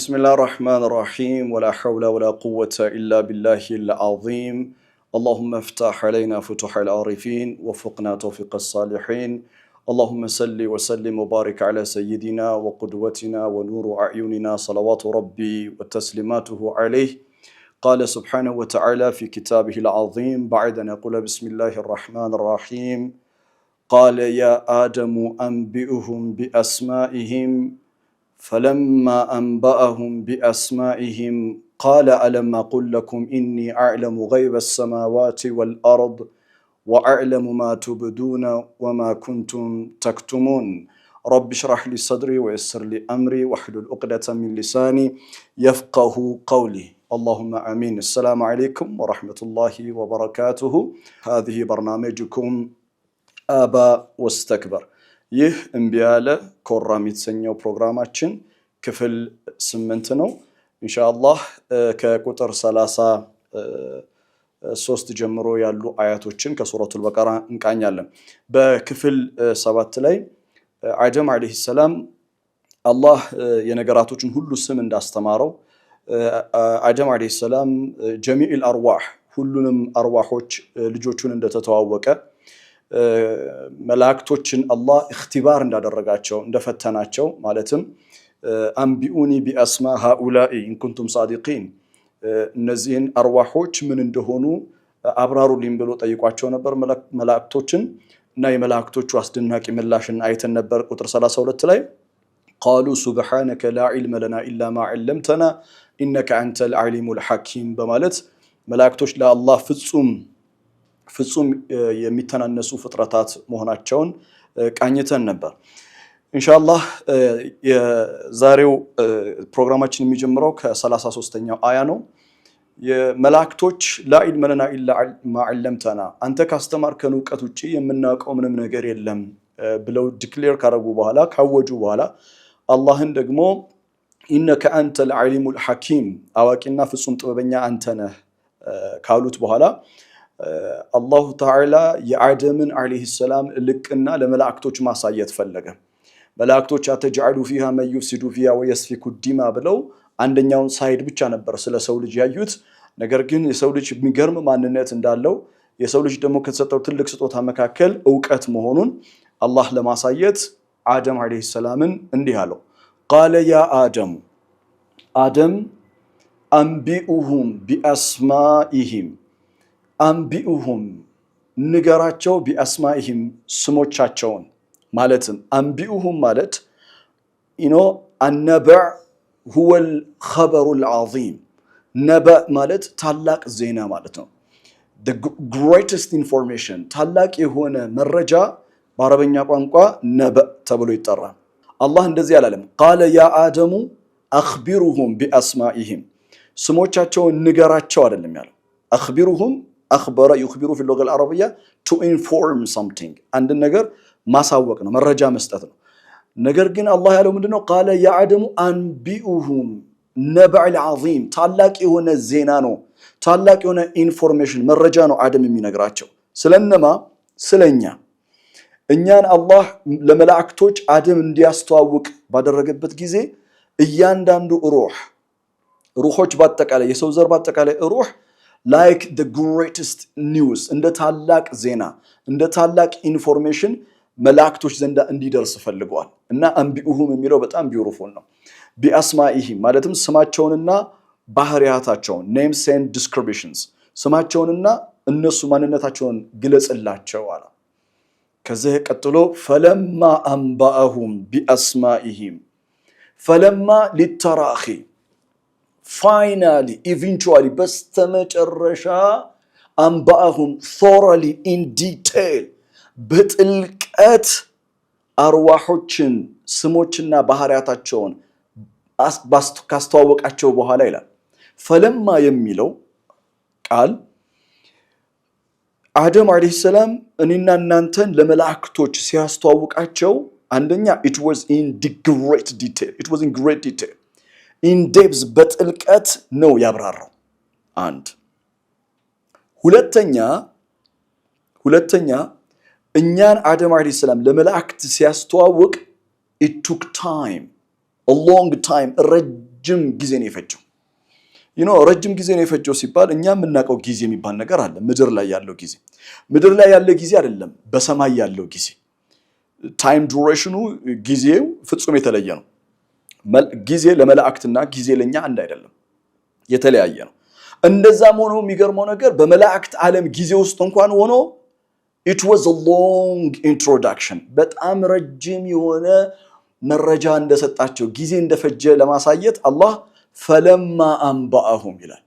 بسم الله الرحمن الرحيم ولا حول ولا قوة إلا بالله العظيم اللهم افتح علينا فتوح العارفين وفقنا توفيق الصالحين اللهم صل وسلم وبارك على سيدنا وقدوتنا ونور أعيننا صلوات ربي وتسليماته عليه قال سبحانه وتعالى في كتابه العظيم بعد أن أقول بسم الله الرحمن الرحيم قال يا آدم أنبئهم بأسمائهم فلما أنبأهم بأسمائهم قال ألم أقل لكم إني أعلم غيب السماوات والأرض وأعلم ما تبدون وما كنتم تكتمون رب اشرح لي صدري ويسر لي أمري واحلل عقدة من لساني يفقه قولي اللهم امين السلام عليكم ورحمه الله وبركاته هذه برنامجكم ابى واستكبر ይህ እምቢ ያለ ኮራም የተሰኘው ፕሮግራማችን ክፍል ስምንት ነው። እንሻአላህ ከቁጥር ሰላሳ ሶስት ጀምሮ ያሉ አያቶችን ከሱረቱል በቀራ እንቃኛለን። በክፍል ሰባት ላይ አደም ዓለይሂ ሰላም አላህ የነገራቶችን ሁሉ ስም እንዳስተማረው አደም ዓለይሂ ሰላም ጀሚዕል አርዋህ ሁሉንም አርዋሖች ልጆቹን እንደተተዋወቀ መላእክቶችን አላህ እክትባር እንዳደረጋቸው እንደፈተናቸው ማለትም አንቢኡኒ ቢአስማ ሃኡላኢ ኢንኩንቱም ሳዲቂን እነዚህን አርዋሖች ምን እንደሆኑ አብራሩልኝ ብሎ ጠይቋቸው ነበር መላእክቶችን እና የመላእክቶቹ አስደናቂ ምላሽን አይተን ነበር ቁጥር 32 ላይ ቃሉ ሱብሓነከ ላ ዒልመ ለና ኢላ ማ ዐለምተና ኢነከ አንተ ልዓሊሙ ልሐኪም በማለት መላእክቶች ለአላህ ፍጹም ፍጹም የሚተናነሱ ፍጥረታት መሆናቸውን ቃኝተን ነበር። እንሻላህ የዛሬው ፕሮግራማችን የሚጀምረው 3 ሶስተኛው አያ ነው። የመላእክቶች ላኢልመ ለና ኢላ ማዕለምተና አንተ ካስተማርከን እውቀት ውጭ የምናውቀው ምንም ነገር የለም ብለው ዲክሌር ካረጉ በኋላ ካወጁ በኋላ አላህን ደግሞ ኢነከ አንተ ልዓሊሙ ልሐኪም አዋቂና ፍጹም ጥበበኛ አንተ ነህ ካሉት በኋላ አላሁ ተዓላ የአደምን ዓለይሂ ሰላም ልቅና ለመላእክቶች ማሳየት ፈለገ። መላእክቶች አተጃሉ ፊሃ መን ፊሃ ወየስፊኩ ዲማ ብለው አንደኛውን ሳይድ ብቻ ነበር ስለ ሰው ልጅ ያዩት። ነገር ግን የሰው ልጅ የሚገርም ማንነት እንዳለው የሰው ልጅ ደግሞ ከተሰጠው ትልቅ ስጦታ መካከል እውቀት መሆኑን አላህ ለማሳየት አደም ዓለይሂ ሰላምን እንዲህ አለው፣ ቃለ ያ አደሙ አደም አንቢኡሁም ቢአስማኢሂም አምቢኡሁም ንገራቸው ቢአስማይህም ስሞቻቸውን ማለትም አንቢኡሁም ማለት ኢኖ አነበዕ ሁወል ኸበሩ ልዓዚም ነበእ ማለት ታላቅ ዜና ማለት ነው። ግሬትስት ኢንፎርሜሽን ታላቅ የሆነ መረጃ በአረበኛ ቋንቋ ነበእ ተብሎ ይጠራል። አላህ እንደዚህ አላለም። ቃለ ያ አደሙ አኽቢሩሁም ቢአስማኢህም ስሞቻቸውን ንገራቸው አይደለም ያለው አኽቢሩሁም አክበረ ዩክቢሩ ፊ ሎገል አረብያ ቱ ኢንፎርም ሰምቲንግ አንድን ነገር ማሳወቅ ነው፣ መረጃ መስጠት ነው። ነገር ግን አላህ ያለው ምንድነው ቃለ ያዕደሙ አንቢኡሁም ነበዕል ዓዚም ታላቅ የሆነ ዜና ነው፣ ታላቅ የሆነ ኢንፎርሜሽን መረጃ ነው። አደም የሚነግራቸው ስለነማ ስለኛ እኛን አላህ ለመላእክቶች አደም እንዲያስተዋውቅ ባደረገበት ጊዜ እያንዳንዱ ሩህ ሩሆች፣ ባጠቃላይ የሰው ዘር ባጠቃላይ ሩህ ላይክ ደ ግሬትስት ኒውስ እንደ ታላቅ ዜና እንደ ታላቅ ኢንፎርሜሽን መላእክቶች ዘንዳ እንዲደርስ ፈልገዋል። እና አንቢኡሁም የሚለው በጣም ቢውርፉል ነው። ቢአስማኢሂም ማለትም ስማቸውንና ባህሪያታቸውን ኔምስ ኤንድ ዲስክሪፕሽንስ ስማቸውንና እነሱ ማንነታቸውን ግለጽላቸው አለ። ከዚህ ቀጥሎ ፈለማ አንባአሁም ቢአስማኢሂም ፈለማ ሊተራኺ ፋይናሊ ኢቨንቹዋሊ በስተመጨረሻ አምባአሁም ሶራሊ ኢን ዲቴይል በጥልቀት አርዋሖችን ስሞችና ባህሪያታቸውን ካስተዋወቃቸው በኋላ ይላል። ፈለማ የሚለው ቃል አደም ዓለይሂ ሰላም እኔና እናንተን ለመላእክቶች ሲያስተዋውቃቸው አንደኛ ኢት ዋዝ ኢን ግሬት ዲቴይል ኢንዴፕዝ በጥልቀት ነው ያብራራው። አንድ ሁለተኛ ሁለተኛ እኛን አደም ዓለይሂ ሰላም ለመላእክት ሲያስተዋውቅ ኢቱክ ታይም ሎንግ ታይም ረጅም ጊዜ ነው የፈጀው። ይኖ ረጅም ጊዜ ነው የፈጀው ሲባል እኛ የምናውቀው ጊዜ የሚባል ነገር አለ። ምድር ላይ ያለው ጊዜ ምድር ላይ ያለ ጊዜ አይደለም፣ በሰማይ ያለው ጊዜ ታይም ዱሬሽኑ ጊዜው ፍጹም የተለየ ነው። ጊዜ ለመላእክትና ጊዜ ለእኛ አንድ አይደለም፣ የተለያየ ነው። እንደዛም ሆኖ የሚገርመው ነገር በመላእክት ዓለም ጊዜ ውስጥ እንኳን ሆኖ ኢት ዋዝ ሎንግ ኢንትሮዳክሽን በጣም ረጅም የሆነ መረጃ እንደሰጣቸው ጊዜ እንደፈጀ ለማሳየት አላህ ፈለማ አንባአሁም ይላል።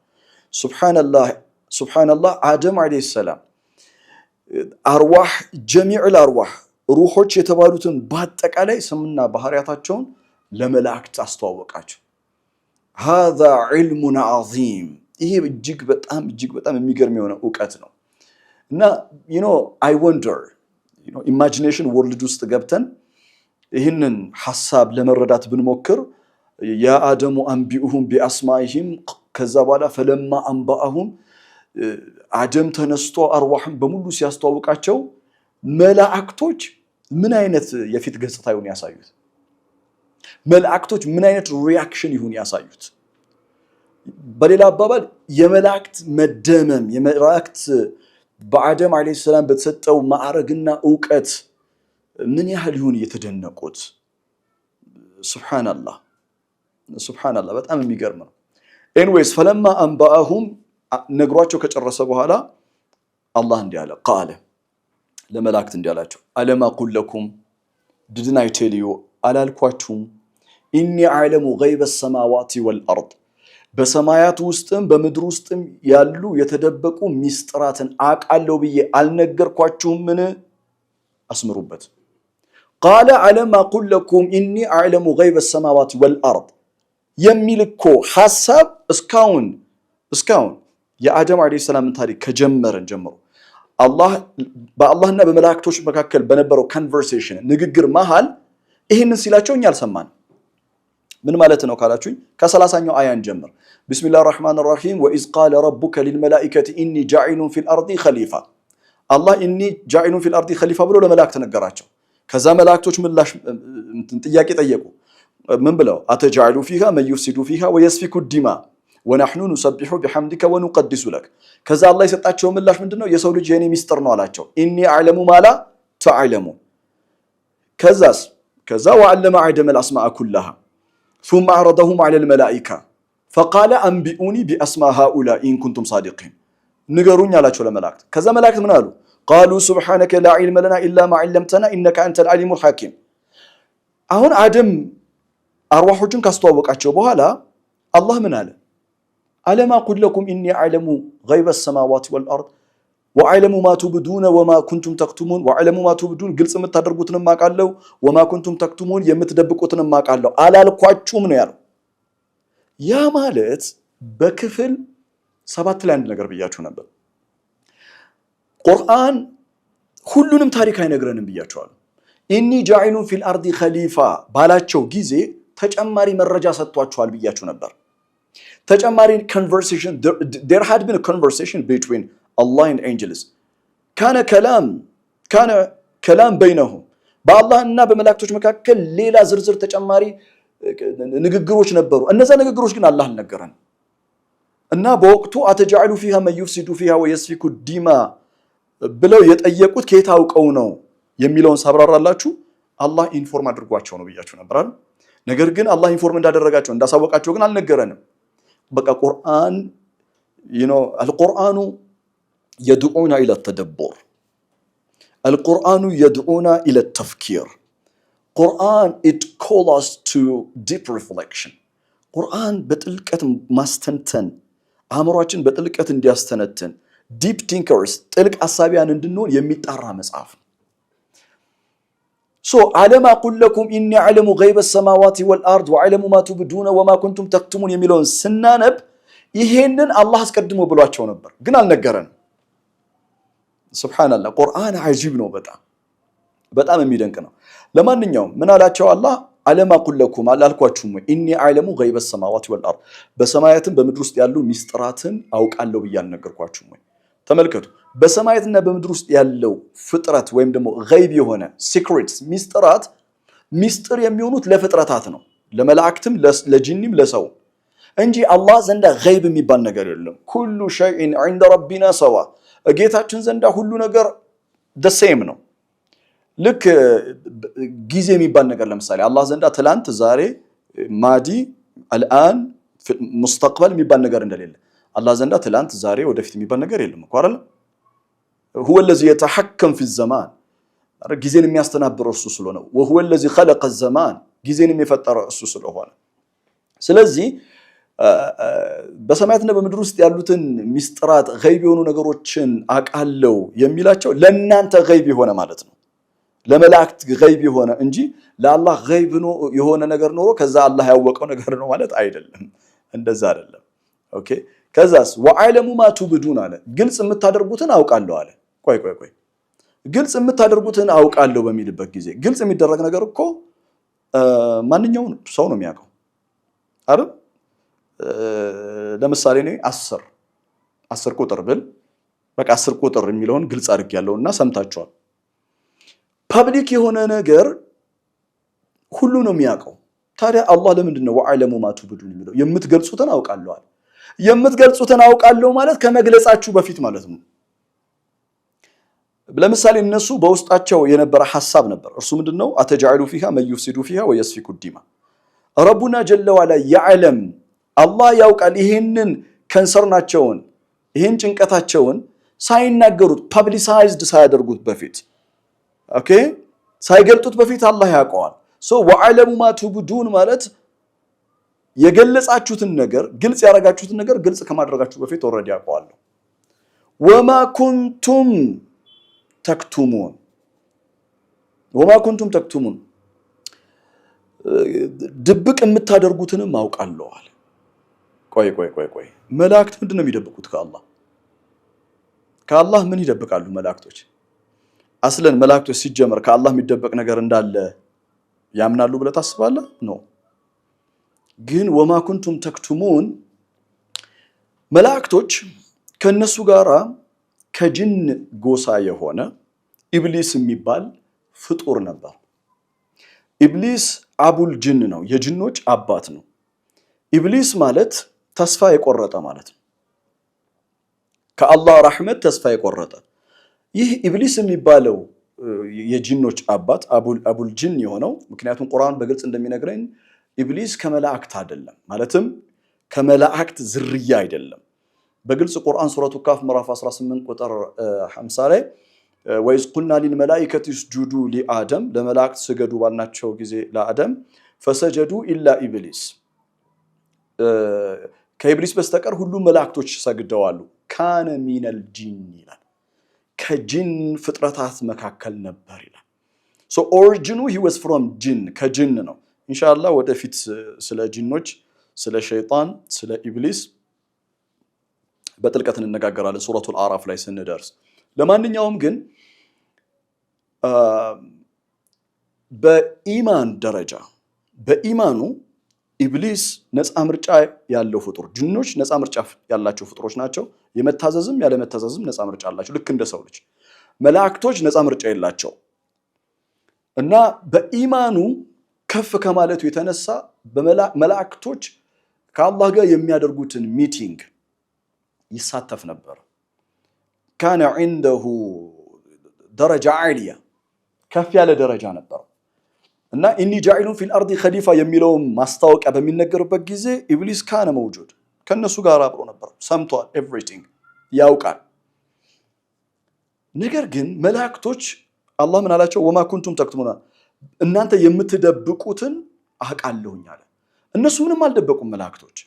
ሱብሓነላህ አደም ዓለይሂ ሰላም አርዋህ ጀሚዕል አርዋህ ሩሖች የተባሉትን በአጠቃላይ ስምና ባህሪያታቸውን ለመላእክት አስተዋወቃቸው። ሃዛ ዒልሙን ዓዚም ይሄ እጅግ በጣም እጅግ በጣም የሚገርም የሆነ እውቀት ነው እና ዩኖ አይ ወንደር ኢማጂኔሽን ወርልድ ውስጥ ገብተን ይህንን ሀሳብ ለመረዳት ብንሞክር የአደሙ አንቢኡሁም ቢአስማኢሂም ከዛ በኋላ ፈለማ አንባአሁም አደም ተነስቶ አርዋህም በሙሉ ሲያስተዋውቃቸው መላእክቶች ምን አይነት የፊት ገጽታውን ያሳዩት? መላእክቶች ምን አይነት ሪያክሽን ይሁን ያሳዩት። በሌላ አባባል የመላእክት መደመም የመላእክት በአደም ዓለይሂ ሰላም በተሰጠው ማዕረግና እውቀት ምን ያህል ይሁን የተደነቁት። ሱብሓነላህ ሱብሓነላህ፣ በጣም የሚገርም ነው። ኤንዌይስ ፈለማ አንበአሁም ነግሯቸው ከጨረሰ በኋላ አላህ እንዲህ አለ ቃለ ለመላእክት እንዲህ አላቸው አለማ ቁል ድድን አይ አላልኳችሁም? ኢኒ አለሙ ገይበ ሰማዋቲ ወልአርድ በሰማያት ውስጥም በምድር ውስጥም ያሉ የተደበቁ ሚስጥራትን አቃለው ብዬ አልነገርኳችሁምን? አስምሩበት። ቃለ አለም ቁል ለኩም ኢኒ አለሙ ገይበ ሰማዋት ወልአርድ የሚል እኮ ሀሳብ እስካሁን እስካሁን የአደም ዓለይሂ ሰላምን ታሪክ ከጀመረን ጀምሮ በአላህና በመላእክቶች መካከል በነበረው ኮንቨርሴሽን ንግግር መሃል ይህንን ሲላቸው እኛ አልሰማን። ምን ማለት ነው ካላችሁኝ፣ ከሰላሳኛው አያን ጀምር። ብስሚላህ ራህማን ራሂም ወኢዝ ቃለ ረቡከ ሊልመላኢከቲ ኢኒ ጃዒሉን ፊል አርዲ ኸሊፋ አላህ ኢኒ ጃዒሉን ፊል አርዲ ኸሊፋ ብሎ ለመላእክት ነገራቸው። ከዛ መላእክቶች ምላሽ ጥያቄ ጠየቁ። ምን ብለው አተጃዕሉ ፊሃ መን ዩፍሲዱ ፊሃ ወየስፊኩ ዲማ ወናሕኑ ኑሰቢሑ ቢሐምዲከ ወኑቀዲሱ ለክ። ከዛ አላህ የሰጣቸው ምላሽ ምንድን ነው? የሰው ልጅ የኔ ሚስጥር ነው አላቸው። ኢኒ አዕለሙ ማላ ተዕለሙን ከዛስ ከዛ ወአለመ አደም አልአስማአ ኩላሃ ሱመ አዕረደሁም ዐለል መላኢካ ፈቃለ አንቢኡኒ ቢአስማ ሃኡላ ኢንኩንቱም ሳዲቂን ንገሩኝ አላቸው ለመላእክት። ከዛ መላእክት ምን አሉ? ቃሉ ሱብሓነከ ላ ዒልመ ለና ኢላ ማ ዐለምተና ኢነከ አንተል ዐሊሙል ሐኪም። አሁን አደም አርዋሖቹን ካስተዋወቃቸው በኋላ አላህ ምን አለ? አለማ ቁል ለኩም ኢኒ አዕለሙ ገይበ ሰማዋት ወልአርድ ወአይለሙ ማ ቱብዱነ ወማ ኩንቱም ተክቱሙን ወአይለሙ ማ ቱብዱን ግልጽ የምታደርጉትን ማቃለው፣ ወማ ኩንቱም ተክቱሙን የምትደብቁትን ማቃለው። አላልኳችሁም ነው ያለው። ያ ማለት በክፍል ሰባት ላይ አንድ ነገር ብያችሁ ነበር። ቁርአን ሁሉንም ታሪክ አይነግረንም ብያቸዋል። ኢኒ ጃዒሉን ፊል አርዲ ኸሊፋ ባላቸው ጊዜ ተጨማሪ መረጃ ሰጥቷችኋል ብያችሁ ነበር። ተጨማሪ ኮንቨርሴሽን ዴር ሃድ ቢን ኮንቨርሴሽን ቢትዊን Allah and ካነ ከላም ካነ ከላም በይነሁም በአላህና በመላእክቶች መካከል ሌላ ዝርዝር ተጨማሪ ንግግሮች ነበሩ። እነዛ ንግግሮች ግን አላህ አልነገረን እና በወቅቱ አተጃዕሉ ፊሃ መን ዩፍሲዱ ፊሃ ወየስፊኩ ዲማ ብለው የጠየቁት ከየት አውቀው ነው የሚለውን ሳብራራላችሁ አላህ ኢንፎርም አድርጓቸው ነው ብያችሁ ነበራል። ነገር ግን አላህ ኢንፎርም እንዳደረጋቸው እንዳሳወቃቸው ግን አልነገረንም። በቃ ቁርአን አልቁርአኑ يدعون إلى ተደቦር القرآن يدعونا إلى ተፍኪር قرآن it calls ቱ ዲፕ deep reflection ቁርአን በጥልቀት ማስተንተን አእምሯችን በጥልቀት እንዲያስተነትን ዲፕ ቲንከርስ ጥልቅ አሳቢያን እንድንሆን የሚጣራ መጽሐፍ ነው። ሶ አለም አቁል ለኩም ኢኒ አዕለሙ ገይበ ሰማዋት ወልአርድ ወአዕለሙ ማ ቱብዱነ ወማ ኩንቱም ተክትሙን የሚለውን ስናነብ ይሄንን አላህ አስቀድሞ ብሏቸው ነበር፣ ግን አልነገረንም። ስብሓንላህ ቁርአን አጂብ ነው። በጣም በጣም የሚደንቅ ነው። ለማንኛውም ምን አላቸው አላህ አለም አቁለኩም አላልኳችሁም ወይ እኔ አለሙ ገይበ ሰማዋት ወልአር በሰማያትን በምድር ውስጥ ያሉ ሚስጥራትን አውቃለሁ ብዬ አልነገርኳችሁም ወይ? ተመልከቱ በሰማያትና በምድር ውስጥ ያለው ፍጥረት ወይም ደግሞ ገይብ የሆነ ሲክሬትስ ሚስጥራት ሚስጥር የሚሆኑት ለፍጥረታት ነው፣ ለመላእክትም፣ ለጂኒም፣ ለሰው እንጂ አላህ ዘንዳ ገይብ የሚባል ነገር የለም። ኩሉ ሸይን ዐንደ ረቢና ሰዋ ጌታችን ዘንዳ ሁሉ ነገር ደሴም ነው። ልክ ጊዜ የሚባል ነገር ለምሳሌ አላህ ዘንዳ ትላንት፣ ዛሬ፣ ማዲ፣ አልአን፣ ሙስተቅበል የሚባል ነገር እንደሌለ አላህ ዘንዳ ትላንት፣ ዛሬ፣ ወደፊት የሚባል ነገር የለም እኮ አይደል? ሁወ ለዚ የተሐከም ፊ ዘማን ጊዜን የሚያስተናብረው እሱ ስለሆነ፣ ወሁወ ለዚ ኸለቀ ዘማን ጊዜንም የፈጠረ እሱ ስለሆነ ስለዚህ በሰማያትና በምድር ውስጥ ያሉትን ሚስጥራት ገይብ የሆኑ ነገሮችን አቃለው የሚላቸው ለእናንተ ገይብ የሆነ ማለት ነው። ለመላእክት ገይብ የሆነ እንጂ ለአላህ ገይብ የሆነ ነገር ኖሮ ከዛ አላህ ያወቀው ነገር ነው ማለት አይደለም። እንደዛ አይደለም። ኦኬ። ከዛስ ወአለሙ ማ አለ። ግልጽ የምታደርጉትን አውቃለሁ አለ። ቆይ ቆይ ቆይ፣ ግልጽ የምታደርጉትን አውቃለሁ በሚልበት ጊዜ ግልጽ የሚደረግ ነገር እኮ ማንኛውም ሰው ነው የሚያውቀው አይደል? ለምሳሌ እኔ አስር አስር ቁጥር ብል በቃ አስር ቁጥር የሚለውን ግልጽ አድርግ ያለው እና ሰምታችኋል። ፐብሊክ የሆነ ነገር ሁሉ ነው የሚያውቀው። ታዲያ አላህ ለምንድን ነው ወአዕለሙ ማ ቱብዱን የሚለው? የምትገልጹትን አውቃለዋል። የምትገልጹትን አውቃለሁ ማለት ከመግለጻችሁ በፊት ማለት ነው። ለምሳሌ እነሱ በውስጣቸው የነበረ ሀሳብ ነበር። እርሱ ምንድን ነው? አተጃዕሉ ፊሃ መን ዩፍሲዱ ፊሃ ወየስፊኩ ዲማ ረቡና ጀለ ወዐላ አላህ ያውቃል። ይህንን ከንሰርናቸውን ይህን ጭንቀታቸውን ሳይናገሩት ፐብሊሳይዝድ ሳያደርጉት በፊት ኦኬ ሳይገልጡት በፊት አላህ ያውቀዋል። ሶ ወዐለሙ ማ ቱብዱን ማለት የገለጻችሁትን ነገር ግልጽ ያደረጋችሁትን ነገር ግልጽ ከማድረጋችሁ በፊት ወረድ ያውቀዋለሁ። ወማ ኩንቱም ተክቱሙን ወማ ኩንቱም ተክቱሙን ድብቅ የምታደርጉትንም አውቃለሁ ቆይ ቆይ ቆይ ቆይ መላእክት ምንድን ነው የሚደብቁት ከአላህ? ከአላህ ምን ይደብቃሉ መላእክቶች? አስለን መላእክቶች ሲጀመር ከአላህ የሚደበቅ ነገር እንዳለ ያምናሉ ብለህ ታስባለህ? ኖ ግን ወማ ኩንቱም ተክቱሙን መላእክቶች ከእነሱ ጋራ ከጅን ጎሳ የሆነ ኢብሊስ የሚባል ፍጡር ነበር። ኢብሊስ አቡል ጅን ነው፣ የጅኖች አባት ነው። ኢብሊስ ማለት ተስፋ የቆረጠ ማለት ነው። ከአላህ ራህመት ተስፋ የቆረጠ ይህ ኢብሊስ የሚባለው የጂኖች አባት አቡል ጂን የሆነው ምክንያቱም ቁርአን በግልጽ እንደሚነግረኝ ኢብሊስ ከመላእክት አይደለም፣ ማለትም ከመላእክት ዝርያ አይደለም። በግልጽ ቁርአን ሱረቱ ካፍ ምዕራፍ 18 ቁጥር 50 ላይ ወይዝ ቁልና ሊልመላኢከት ስጁዱ ሊአደም ለመላእክት ስገዱ ባልናቸው ጊዜ ለአደም ፈሰጀዱ ኢላ ኢብሊስ ከኢብሊስ በስተቀር ሁሉም መላእክቶች ሰግደዋሉ። ካነ ሚነል ጂን ይላል። ከጅን ፍጥረታት መካከል ነበር ይላል። ሶ ኦሪጂኑ ሂ ወዝ ፍሮም ጂን ከጅን ነው። ኢንሻላ ወደፊት ስለ ጂኖች፣ ስለ ሸይጣን፣ ስለ ኢብሊስ በጥልቀት እንነጋገራለን ሱረቱል አዕራፍ ላይ ስንደርስ። ለማንኛውም ግን በኢማን ደረጃ በኢማኑ ኢብሊስ ነፃ ምርጫ ያለው ፍጡር፣ ጅኖች ነፃ ምርጫ ያላቸው ፍጡሮች ናቸው። የመታዘዝም ያለመታዘዝም ነፃ ምርጫ አላቸው፣ ልክ እንደ ሰው ልጅ። መላእክቶች ነፃ ምርጫ የላቸው እና በኢማኑ ከፍ ከማለቱ የተነሳ መላእክቶች ከአላህ ጋር የሚያደርጉትን ሚቲንግ ይሳተፍ ነበር። ካነ ዒንደሁ ደረጃ ዓሊያ ከፍ ያለ ደረጃ ነበር። እና ኢኒ ጃኢሉን ፊል አርዲ ከሊፋ የሚለውን ማስታወቂያ በሚነገርበት ጊዜ ኢብሊስ ካነ መውጁድ ከእነሱ ጋር አብሮ ነበር። ሰምቷል፣ ኤቭሪቲንግ ያውቃል። ነገር ግን መላእክቶች አላህ ምን አላቸው? ወማ ኩንቱም ተክትሙና እናንተ የምትደብቁትን አውቃለሁኝ አለ። እነሱ ምንም አልደበቁም መላእክቶች።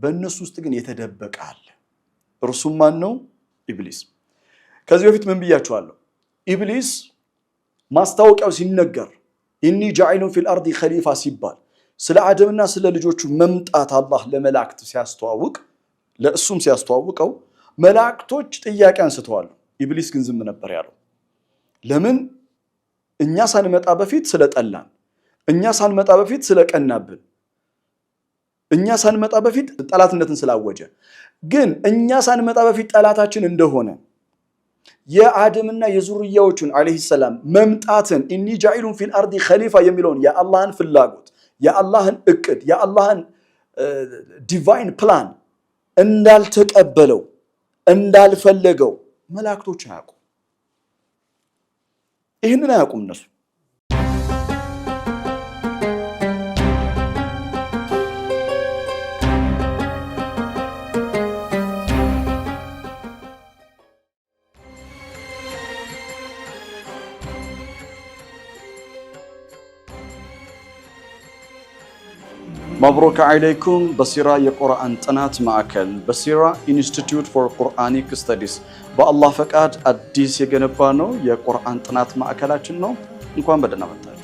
በእነሱ ውስጥ ግን የተደበቀ አለ። እርሱም ማን ነው? ኢብሊስ። ከዚህ በፊት ምን ብያችኋለሁ? ኢብሊስ ማስታወቂያው ሲነገር ኢኒ ጃኢሉን ፊል አርዲ ኸሊፋ ሲባል ስለ አደምና ስለ ልጆቹ መምጣት አላህ ለመላእክት ሲያስተዋውቅ ለእሱም ሲያስተዋውቀው መላእክቶች ጥያቄ አንስተዋል። ኢብሊስ ግን ዝም ነበር ያለው። ለምን? እኛ ሳንመጣ በፊት ስለጠላን፣ እኛ ሳንመጣ በፊት ስለቀናብን፣ እኛ ሳንመጣ በፊት ጠላትነትን ስላወጀ፣ ግን እኛ ሳንመጣ በፊት ጠላታችን እንደሆነ የአደምና የዙርያዎቹን ዓለይሂ ሰላም መምጣትን እኒ ጃኢሉን ፊል አርዲ ኸሊፋ የሚለውን የአላህን ፍላጎት የአላህን እቅድ የአላህን ዲቫይን ፕላን እንዳልተቀበለው እንዳልፈለገው መላእክቶች አያውቁም። ይህንን አያውቁም እነሱ ማብሮክ አለይኩም በሲራ የቁርአን ጥናት ማዕከል በሲራ ኢንስቲትዩት ፎር ቁርአኒክ ስተዲስ በአላህ ፈቃድ አዲስ የገነባ ነው የቁርአን ጥናት ማዕከላችን ነው። እንኳን በደህና መጣችሁ።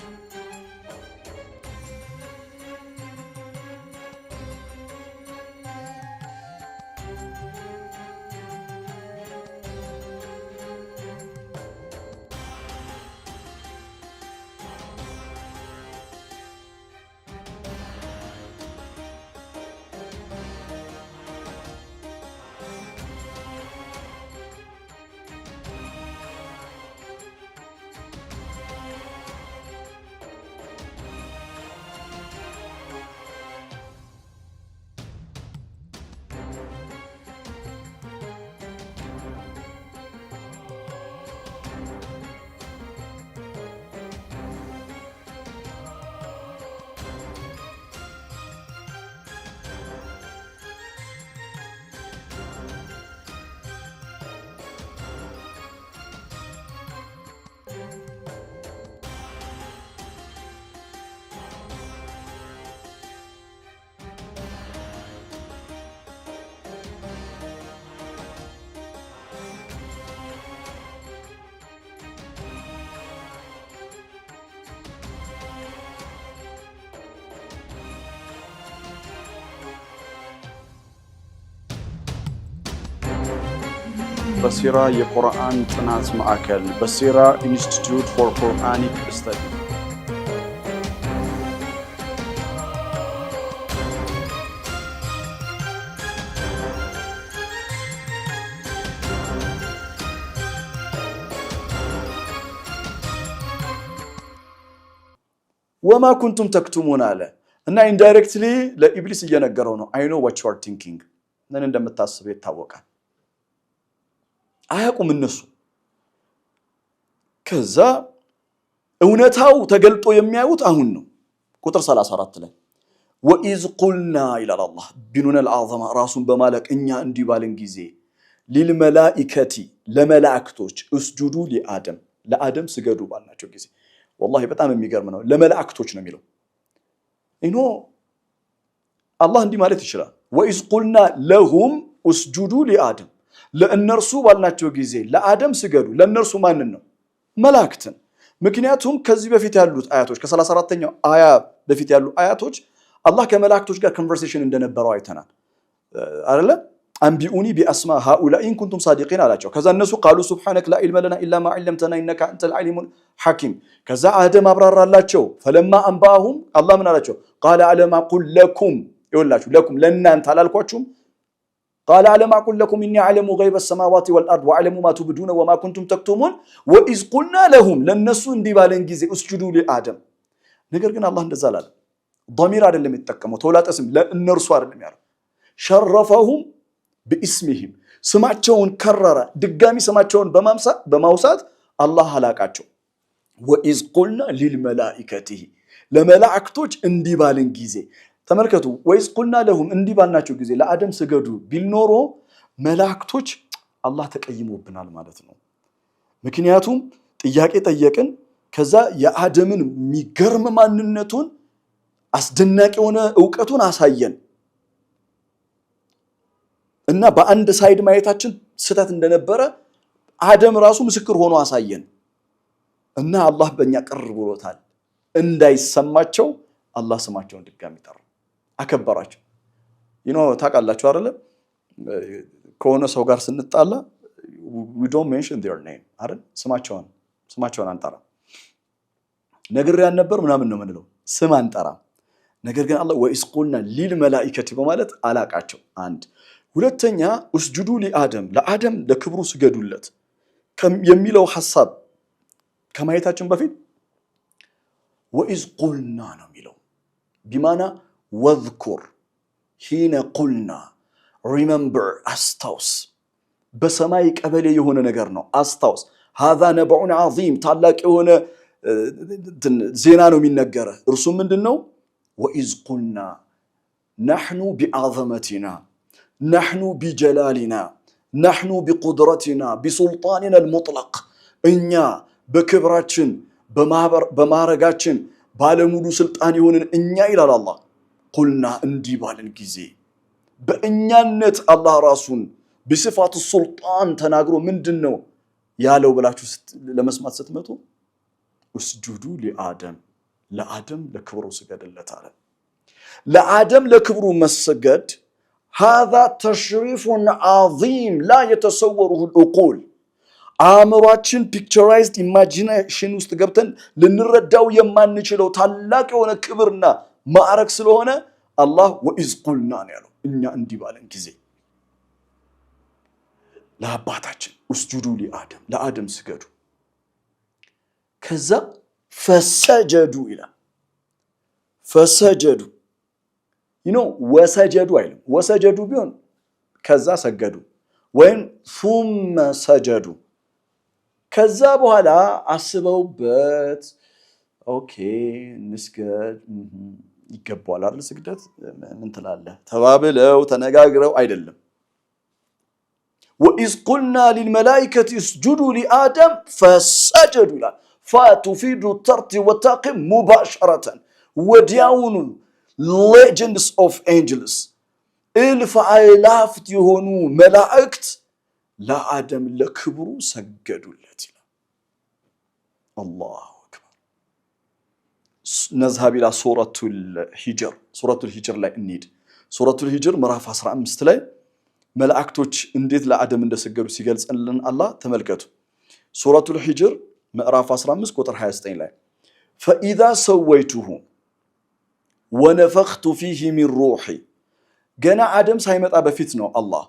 በሲራ የቁርአን ጥናት ማዕከል በሲራ ኢንስቲትዩት ፎር ቁርአኒክ ስተዲ ወማ ኩንቱም ተክቱሙን አለ እና ኢንዳይሬክትሊ ለኢብሊስ እየነገረው ነው። አይኖ ዋች ዩ አር ቲንኪንግ ምን እንደምታስበው ይታወቃል። አያውቁም እነሱ። ከዛ እውነታው ተገልጦ የሚያዩት አሁን ነው። ቁጥር 34 ላይ ወኢዝ ቁልና ይላል አላህ ቢኑነል አዘማ ራሱን በማለቅ እኛ እንዲህ ባልን ጊዜ ሊልመላኢከቲ ለመላእክቶች እስጁዱ ሊአደም ለአደም ስገዱ ባልናቸው ጊዜ ወላሂ በጣም የሚገርም ነው። ለመላእክቶች ነው የሚለው ይኖ አላህ እንዲህ ማለት ይችላል። ወኢዝ ቁልና ለሁም እስጁዱ ሊአደም ለእነርሱ ባልናቸው ጊዜ ለአደም ስገዱ። ለእነርሱ ማንን ነው? መላእክትን። ምክንያቱም ከዚህ በፊት ያሉት አያቶች ከ34ኛው አያ በፊት ያሉ አያቶች አላህ ከመላእክቶች ጋር ኮንቨርሴሽን እንደነበረው አይተናል አይደለ? አንቢኡኒ ቢአስማ ሃኡላ ኢን ኩንቱም ሳዲቂን አላቸው። ከዛ እነሱ ቃሉ ሱብሓነክ ላ ኢልመ ለና ኢላ ማ ዐለምተና ኢነከ አንተል ዐሊሙል ሐኪም። ከዛ አደም አብራራላቸው። ፈለማ አንባአሁም አላህ ምን አላቸው? ቃለ አለማ ቁል ለኩም ይወላችሁ ለኩም ለእናንተ አላልኳችሁም ቃለ አለም አቁል ለኩም እኒ አዕለሙ ገይበ ሰማዋት ወልአርድ ወአዕለሙ ማ ቱብዱነ ወማ ኩንቱም ተክቱሙን ወኢዝ ቁልና ለሁም ለእነሱ እንዲህ ባለን ጊዜ እስጁዱ ሊአደም። ነገር ግን አላህ እንደዛ አላለም። ዶሚር አይደለም የተጠቀመው ተውላጠ ስም ለእነርሱ አይደለም ያለው። ሸረፈሁም ብኢስሚሂም ስማቸውን ከረረ። ድጋሚ ስማቸውን በማውሳት አላህ አላቃቸው። ወኢዝ ቁልና ሊልመላኢከቲሂ ለመላእክቶች እንዲህ ባለን ጊዜ ተመልከቱ። ወይስ ቁልና ለሁም እንዲህ ባልናቸው ጊዜ ለአደም ስገዱ ቢል ኖሮ መላእክቶች አላህ ተቀይሞብናል ማለት ነው። ምክንያቱም ጥያቄ ጠየቅን። ከዛ የአደምን የሚገርም ማንነቱን አስደናቂ የሆነ እውቀቱን አሳየን እና በአንድ ሳይድ ማየታችን ስህተት እንደነበረ አደም ራሱ ምስክር ሆኖ አሳየን እና አላህ በእኛ ቅር ብሎታል። እንዳይሰማቸው አላህ ስማቸውን ድጋሚ ጠራ። አከበራቸው። ይኖ ታውቃላችሁ አይደለ? ከሆነ ሰው ጋር ስንጣላ ዊ ዶንት ሜንሽን ዜር ኔም አይደል? ስማቸውን ስማቸውን አንጠራም። ነግሬያን ነበር ምናምን ነው የምንለው፣ ስም አንጠራም። ነገር ግን አላህ ወኢዝ ቁልና ሊል መላኢከቲ በማለት አላቃቸው። አንድ ሁለተኛ እስጁዱ ሊአደም ለአደም ለክብሩ ስገዱለት የሚለው ሀሳብ ከማየታችን በፊት ወኢዝ ቁልና ነው የሚለው ቢማና ወዝኩር ሂነ ቁልና ሪመምበር አስታውስ። በሰማይ ቀበሌ የሆነ ነገር ነው። አስታውስ ሃዛ ነበዑን ዓዚም ታላቅ የሆነ ዜና ነው የሚነገረ። እርሱም ምንድን ነው? ወኢዝ ቁልና ናሕኑ ቢዓዘመቲና ናሕኑ ቢጀላሊና ናሕኑ ቢቁድረቲና ቢሱልጣንና ልሙጥለቅ እኛ በክብራችን በማዕረጋችን ባለሙሉ ስልጣን የሆንን እኛ ይላል አላህ ቁልና እንዲህ ባልን ጊዜ በእኛነት አላህ ራሱን በስፋቱ ሱልጣን ተናግሮ ምንድን ነው ያለው ብላችሁ ለመስማት ስትመጡ እስጁዱ ሊአደም ለአደም ለክብሩ ስገድለት አለ። ለአደም ለክብሩ መሰገድ ሃዛ ተሽሪፉን ዓዚም ላ የተሰወሩሁ ልዑቁል አእምሯችን ፒክቸራይዝድ ኢማጂኔሽን ውስጥ ገብተን ልንረዳው የማንችለው ታላቅ የሆነ ክብርና ማዕረግ ስለሆነ አላህ ወኢዝ ቁልና ነው ያለው። እኛ እንዲህ ባለን ጊዜ ለአባታችን ውስጁዱ ሊአደም ለአደም ስገዱ። ከዛ ፈሰጀዱ ይላል። ፈሰጀዱ ይኖ ወሰጀዱ አይልም። ወሰጀዱ ቢሆን ከዛ ሰገዱ ወይም ሱመ ሰጀዱ ከዛ በኋላ አስበውበት ኦኬ እንስገድ ይገባዋል አይደል? ስግደት ምን ትላለህ? ተባብለው ተነጋግረው አይደለም። ወኢዝ ቁልና ሊልመላይከት እስጁዱ ሊአደም ፈሰጀዱ ይላል። ፋቱፊዱ ተርቲ ወታቅም ሙባሸረተን ወዲያውኑ ሌጀንድስ ኦፍ ኤንጅልስ እልፍ አእላፋት የሆኑ መላእክት ለአደም ለክብሩ ሰገዱለት ይላል አላህ ነዝሀብ ኢላ ሱረቱል ሂጅር ሱረቱል ሂጅር ላይ እንሂድ። ሱረቱል ሂጅር ምዕራፍ 15 ላይ መላእክቶች እንዴት ለአደም እንደሰገዱ ሲገልጽልን አላ ተመልከቱ። ሱረቱል ሂጅር ምዕራፍ 15 ቁጥር 29 ላይ ፈኢዛ ሰወይቱሁ ወነፈኽቱ ፊህ ሚን ሩሒ ገና አደም ሳይመጣ በፊት ነው አላህ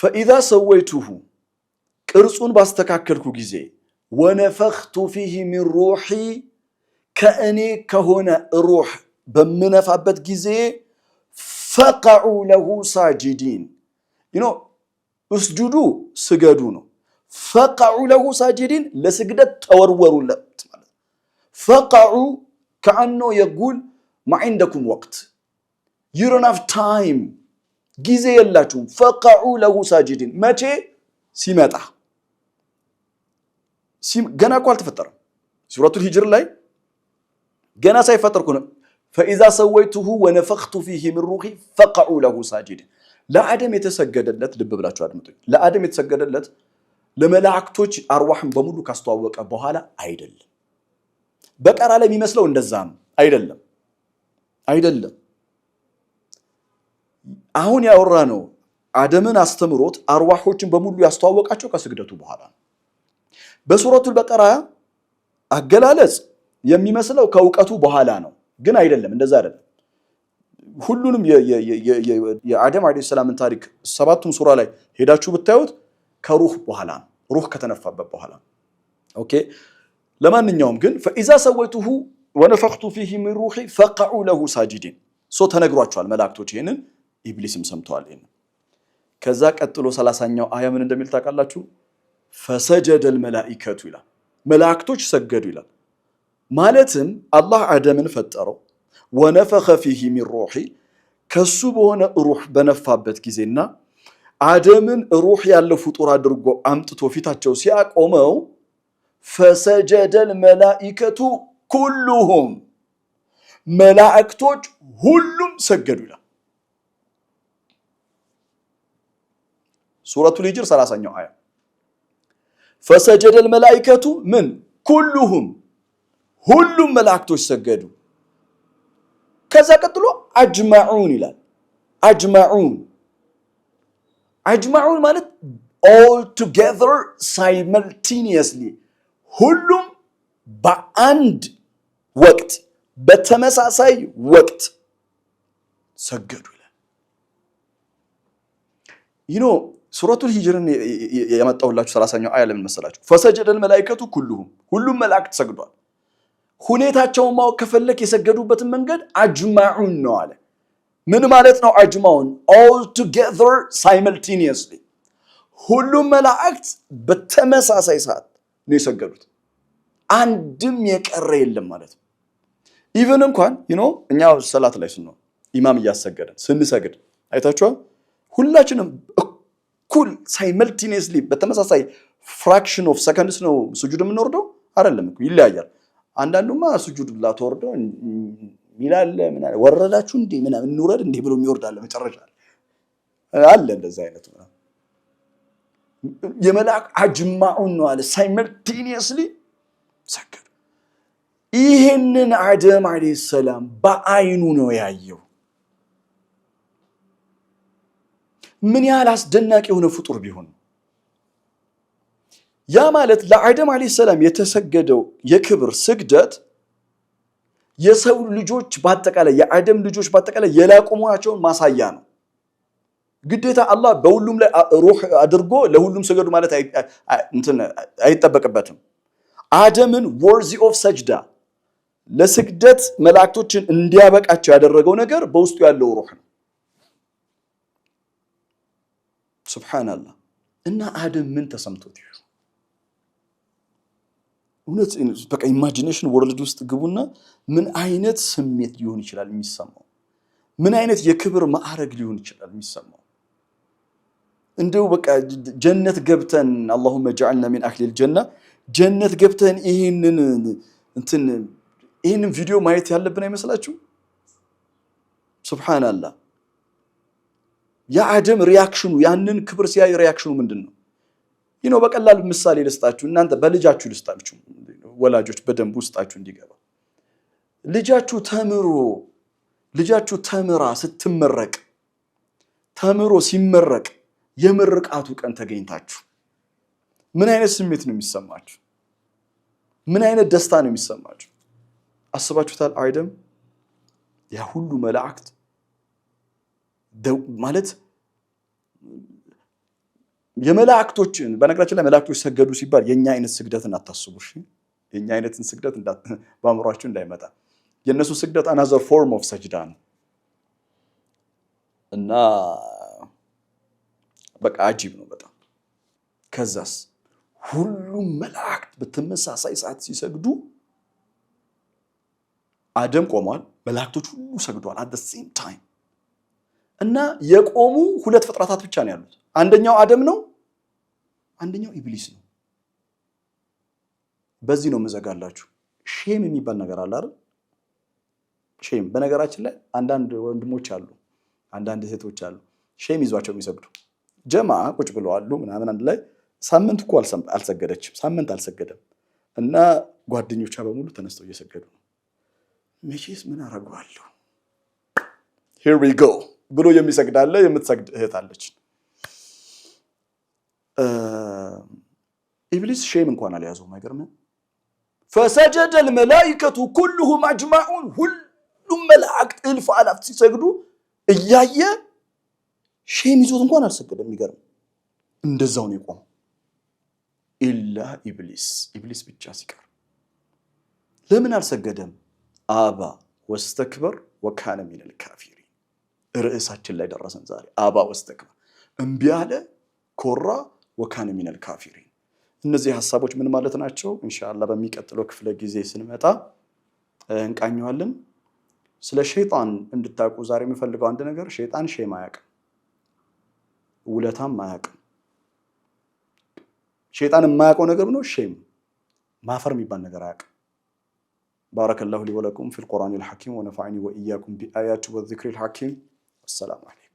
ፈኢዛ ሰወይቱሁ ቅርጹን ባስተካከልኩ ጊዜ ወነፈኽቱ ፊህ ሚን ሩሒ ከእኔ ከሆነ ሩህ በምነፋበት ጊዜ ፈቀዑ ለሁ ሳጅዲን ኖ እስጁዱ ስገዱ ነው። ፈቀዑ ለሁ ሳጅዲን ለስግደት ተወርወሩለት ማለት ፈቀዑ ከአኖ የጉል ማዒንደኩም ወቅት ዩሮናፍ ታይም ጊዜ የላችሁም። ፈቀዑ ለሁ ሳጅዲን መቼ ሲመጣ ገና እኮ አልተፈጠረም። ሱረቱል ሂጅር ላይ ገና ሳይፈጠር ነው። ፈኢዛ ሰወይቱሁ ወነፈክቱ ፊህ ሚን ሩሂ ፈቅዑ ለሁ ሳጅድ ለአደም የተሰገደለት ልብ ብላችሁ አድምጡኝ። ለአደም የተሰገደለት ለመላእክቶች አርዋህን በሙሉ ካስተዋወቀ በኋላ አይደለም። በቀራ ላይ የሚመስለው እንደዛ ነው። አይደለም አይደለም። አሁን ያወራ ነው አደምን አስተምሮት አርዋሖችን በሙሉ ያስተዋወቃቸው ከስግደቱ በኋላ ነው። በሱረቱል በቀራ አገላለጽ የሚመስለው ከእውቀቱ በኋላ ነው፣ ግን አይደለም፣ እንደዛ አይደለም። ሁሉንም የአደም ዓለይሂ ሰላምን ታሪክ ሰባቱም ሱራ ላይ ሄዳችሁ ብታዩት ከሩህ በኋላ ነው፣ ሩህ ከተነፋበት በኋላ ኦኬ። ለማንኛውም ግን ፈኢዛ ሰወይቱሁ ወነፈክቱ ፊህ ሚን ሩሒ ፈቀዑ ለሁ ሳጅዲን ሶ ተነግሯቸዋል። መላእክቶች ይህንን ኢብሊስም ሰምተዋል። ይህን ከዛ ቀጥሎ ሰላሳኛው አያ ምን እንደሚል ታውቃላችሁ? ፈሰጀደል መላኢከቱ ይላል፣ መላእክቶች ሰገዱ ይላል። ማለትም አላህ አደምን ፈጠረው ወነፈኸ ፊሂ ሚን ሩሒ ከሱ በሆነ ሩህ በነፋበት ጊዜና አደምን ሩህ ያለው ፍጡር አድርጎ አምጥቶ ፊታቸው ሲያቆመው ፈሰጀደል መላኢከቱ ኩሉሁም መላእክቶች ሁሉም ሰገዱ ይላል። ሱረቱ ሂጅር 30ኛው አያ ፈሰጀደል መላኢከቱ ምን ኩሉሁም ሁሉም መላእክቶች ሰገዱ። ከዛ ቀጥሎ አጅማዑን ይላል። አጅማዑን አጅማዑን ማለት ኦል ቱጌዘር ሳይመልቲኒየስሊ ሁሉም በአንድ ወቅት በተመሳሳይ ወቅት ሰገዱ ይላል። ይኖ ሱረቱል ሂጅርን ያመጣሁላችሁ ሰላሳኛው አያ ለምን መሰላችሁ? ፈሰጀደል መላይከቱ ኩሉሁም ሁሉም መላእክት ሰግዷል። ሁኔታቸውን ማወቅ ከፈለክ የሰገዱበትን መንገድ አጅማዑን ነው አለ። ምን ማለት ነው አጅማዑን? ኦል ቱጌዘር ሳይመልቲኒየስሊ ሁሉም መላእክት በተመሳሳይ ሰዓት ነው የሰገዱት። አንድም የቀረ የለም ማለት ነው። ኢቨን እንኳን ይኖ እኛ ሰላት ላይ ስንሆን ኢማም እያሰገደን ስንሰግድ አይታችኋል። ሁላችንም እኩል ሳይመልቲኒየስሊ በተመሳሳይ ፍራክሽን ኦፍ ሰከንድስ ነው ስጁድ የምንወርደው አይደለም፣ ይለያያል አንዳንዱማ ስጁድ ብላ ተወርዶ ሚላለ ወረዳችሁ እንዴ ምናምን እንውረድ እንዲህ ብሎ የሚወርዳለ መጨረሻ አለ እንደዛ አይነት የመልአክ አጅማዑን ነው አለ ሳይመልቴኒየስሊ ሰገዱ። ይህንን አደም ዓለይሂ ሰላም በአይኑ ነው ያየው። ምን ያህል አስደናቂ የሆነ ፍጡር ቢሆን ነው ያ ማለት ለአደም ዓለይሂ ሰላም የተሰገደው የክብር ስግደት የሰው ልጆች በአጠቃላይ የአደም ልጆች በአጠቃላይ የላቁ መሆናቸውን ማሳያ ነው። ግዴታ አላህ በሁሉም ላይ ሩህ አድርጎ ለሁሉም ስገዱ ማለት አይጠበቅበትም። አደምን ወርዚ ኦፍ ሰጅዳ ለስግደት መላእክቶችን እንዲያበቃቸው ያደረገው ነገር በውስጡ ያለው ሩህ ነው። ሱብሓነላህ። እና አደም ምን ተሰምቶት እውነት በቃ ኢማጂኔሽን ወርልድ ውስጥ ግቡና ምን አይነት ስሜት ሊሆን ይችላል የሚሰማው? ምን አይነት የክብር ማዕረግ ሊሆን ይችላል የሚሰማው? እንደው በቃ ጀነት ገብተን አላሁመ ጀዐልና ሚን አህሊል ጀና ጀነት ገብተን ይህንን እንትን ይህንን ቪዲዮ ማየት ያለብን አይመስላችሁ? ሱብሓነላህ። የአደም ሪያክሽኑ ያንን ክብር ሲያይ ሪያክሽኑ ምንድን ነው? ይህ ነው። በቀላል ምሳሌ ልስጣችሁ። እናንተ በልጃችሁ ልስጣችሁ። ወላጆች በደንብ ውስጣችሁ እንዲገባ ልጃችሁ ተምሮ ልጃችሁ ተምራ ስትመረቅ ተምሮ ሲመረቅ የምርቃቱ ቀን ተገኝታችሁ ምን አይነት ስሜት ነው የሚሰማችሁ? ምን አይነት ደስታ ነው የሚሰማችሁ? አስባችሁታል አይደም? ያ ሁሉ መላእክት ማለት የመላእክቶችን በነገራችን ላይ መላእክቶች ሰገዱ ሲባል የእኛ አይነት ስግደትን አታስቡ። የእኛ አይነትን ስግደት በአእምሯችሁ እንዳይመጣ። የእነሱ ስግደት አናዘር ፎርም ኦፍ ሰጅዳ ነው እና በቃ አጂብ ነው በጣም። ከዛስ ሁሉም መላእክት በተመሳሳይ ሰዓት ሲሰግዱ አደም ቆሟል። መላእክቶች ሁሉ ሰግደዋል አት ሴም ታይም እና የቆሙ ሁለት ፍጥረታት ብቻ ነው ያሉት። አንደኛው አደም ነው፣ አንደኛው ኢብሊስ ነው። በዚህ ነው የምዘጋላችሁ። ሼም የሚባል ነገር አለ አይደል? ሼም በነገራችን ላይ አንዳንድ ወንድሞች አሉ፣ አንዳንድ እህቶች አሉ፣ ሼም ይዟቸው የሚሰግዱ ጀማ ቁጭ ብለዋሉ ምናምን አንድ ላይ ሳምንት እኮ አልሰገደችም፣ ሳምንት አልሰገደም እና ጓደኞቿ በሙሉ ተነስተው እየሰገዱ ነው። መቼስ ምን አረገዋለሁ ሂር ዊ ጎ ብሎ የሚሰግዳለ የምትሰግድ እህት አለች። ኢብሊስ ሼም እንኳን አልያዘውም። አይገርምም? ፈሰጀደል መላይከቱ ኩልሁም አጅማዑን ሁሉም መላእክት እልፍ አላፍት ሲሰግዱ እያየ ሼም ይዞት እንኳን አልሰገደም። የሚገርም እንደዛው ነው የቆመው። ኢላ ኢብሊስ ኢብሊስ ብቻ ሲቀር ለምን አልሰገደም? አባ ወስተክበር ወካነ ሚነል ካፊሪን። ርዕሳችን ላይ ደረሰን ዛሬ። አባ ወስተክበር እምቢ አለ፣ ኮራ፣ ወካነ ሚነል ካፊሪን እነዚህ ሀሳቦች ምን ማለት ናቸው? እንሻላ በሚቀጥለው ክፍለ ጊዜ ስንመጣ እንቃኘዋለን። ስለ ሸይጣን እንድታውቁ ዛሬ የምፈልገው አንድ ነገር ሸይጣን ሼም አያውቅም፣ ውለታም አያውቅም። ሸይጣን የማያውቀው ነገር ነው ሼም፣ ማፈር የሚባል ነገር አያውቅም። ባረከላሁ ሊ ወለኩም ፊልቁርአን ልሐኪም ወነፋዕኒ ወእያኩም ቢአያቱ ወዚክሪ ልሐኪም። አሰላሙ አለይኩም